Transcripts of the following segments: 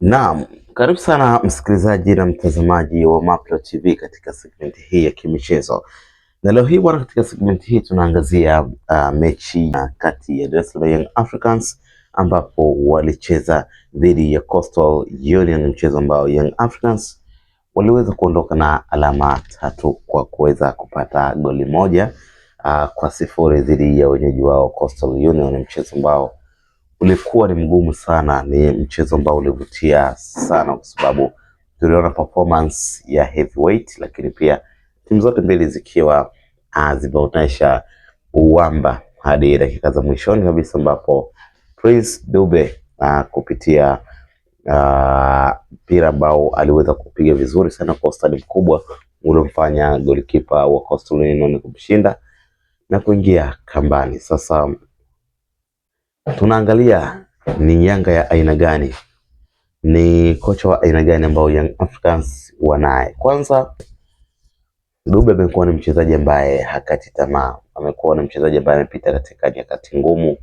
Naam, karibu sana msikilizaji na mtazamaji wa Mapro TV katika segmenti hii ya kimichezo, na leo hii bwana, katika segmenti hii tunaangazia uh, mechi kati ya Dar es Salaam Young Africans ambapo walicheza dhidi ya Coastal Union, mchezo ambao Young Africans waliweza kuondoka na alama tatu kwa kuweza kupata goli moja uh, kwa sifuri dhidi ya wenyeji wao Coastal Union, mchezo ambao ulikuwa ni mgumu sana, ni mchezo ambao ulivutia sana kwa sababu tuliona performance ya Heavyweight, lakini pia timu zote mbili zikiwa ah, zimeonyesha uwamba hadi dakika za mwishoni kabisa ambapo Prince Dube uh, kupitia ah, mpira uh, ambao aliweza kupiga vizuri sana kwa ustadi mkubwa uliomfanya golikipa wa Coastal Union kumshinda na kuingia kambani. Sasa tunaangalia ni Yanga ya aina gani, ni kocha wa aina gani ambao Young Africans wanaye. Kwanza Dube amekuwa ni mchezaji ambaye hakati tamaa, amekuwa ni mchezaji ambaye amepita katika nyakati ngumu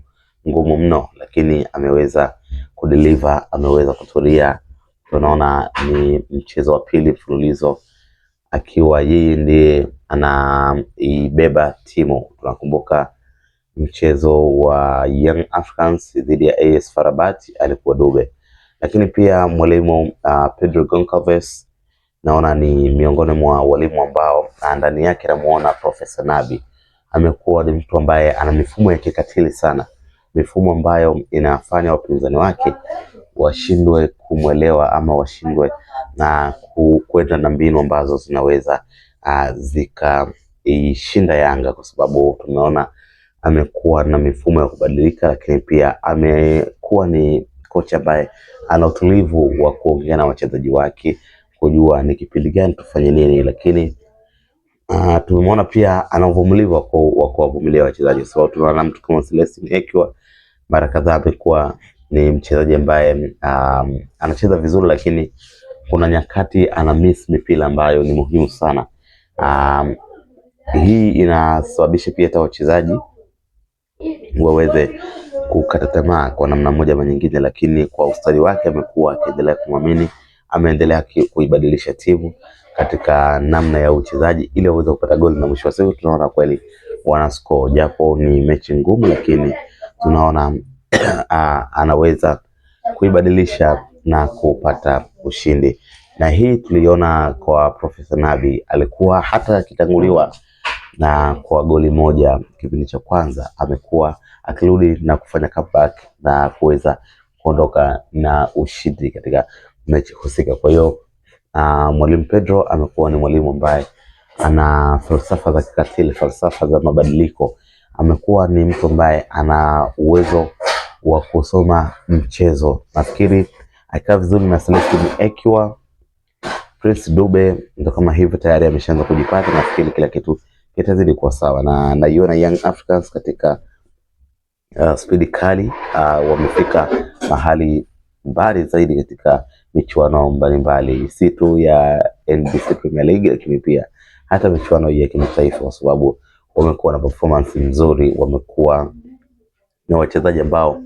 ngumu mno, lakini ameweza kudeliver, ameweza kutulia. Tunaona ni mchezo wa pili mfululizo akiwa yeye ndiye anaibeba timu. Tunakumbuka mchezo wa Young Africans dhidi ya AS Farabat alikuwa Dube, lakini pia mwalimu uh, Pedro Goncalves naona ni miongoni mwa walimu ambao ndani yake namuona Profesa Nabi amekuwa ni mtu ambaye ana mifumo ya kikatili sana, mifumo ambayo inafanya wapinzani wake washindwe kumwelewa ama washindwe na kwenda na mbinu ambazo zinaweza uh, ah, zikaishinda Yanga kwa sababu tumeona amekuwa na mifumo ya kubadilika, lakini pia amekuwa ni kocha ambaye ana utulivu wa kuongea na wachezaji wake kujua ni kipindi gani tufanye nini, lakini uh, ah, tumemwona pia ana uvumilivu wa kuwavumilia wachezaji, kwa sababu tunaona mtu kama Celestine Ekwa mara kadhaa amekuwa ni mchezaji ambaye um, anacheza vizuri, lakini kuna nyakati ana miss mipira ambayo ni muhimu sana. Um, hii inasababisha pia hata wachezaji waweze kukata tamaa kwa namna moja ama nyingine, lakini kwa ustadi wake amekuwa akiendelea kumwamini, ameendelea kuibadilisha timu katika namna ya uchezaji ili waweze kupata goli, na mwisho wa siku tunaona kweli wana score, japo ni mechi ngumu, lakini tunaona anaweza kuibadilisha na kupata ushindi, na hii tuliona kwa Profesa Nabi, alikuwa hata akitanguliwa na kwa goli moja kipindi cha kwanza amekuwa akirudi na kufanya comeback na kuweza kuondoka na ushindi katika mechi husika. Kwa hiyo uh, mwalimu Pedro amekuwa ni mwalimu ambaye ana falsafa za kikatili, falsafa za mabadiliko. Amekuwa ni mtu ambaye ana uwezo wa kusoma mchezo. Nafikiri akikaa vizuri na Celestine Ekwa, Prince Dube, ndo kama hivyo tayari ameshaanza kujipata. Nafikiri kila kitu itazidi kuwa sawa, na naiona Young Africans katika uh, spidi kali uh, wamefika mahali mbali zaidi katika michuano mbalimbali, si tu ya NBC Premier League, lakini pia hata michuano ya kimataifa, kwa sababu wamekuwa na performance nzuri, wamekuwa na wachezaji ambao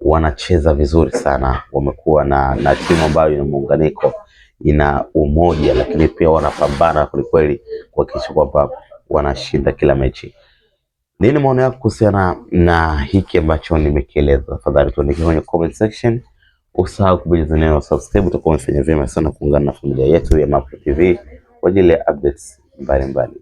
wanacheza vizuri sana, wamekuwa na, na timu ambayo ina muunganiko, ina umoja, lakini pia wanapambana kwelikweli kuhakikisha kwamba wanashinda kila mechi. Nini maoni yako kuhusiana na hiki ambacho nimekieleza? Tafadhali tuandike kwenye comment section. Usahau kubonyeza neno subscribe, utakuwa umefanya vyema sana kuungana na familia yetu ya Mapro TV kwa ajili ya updates mbalimbali.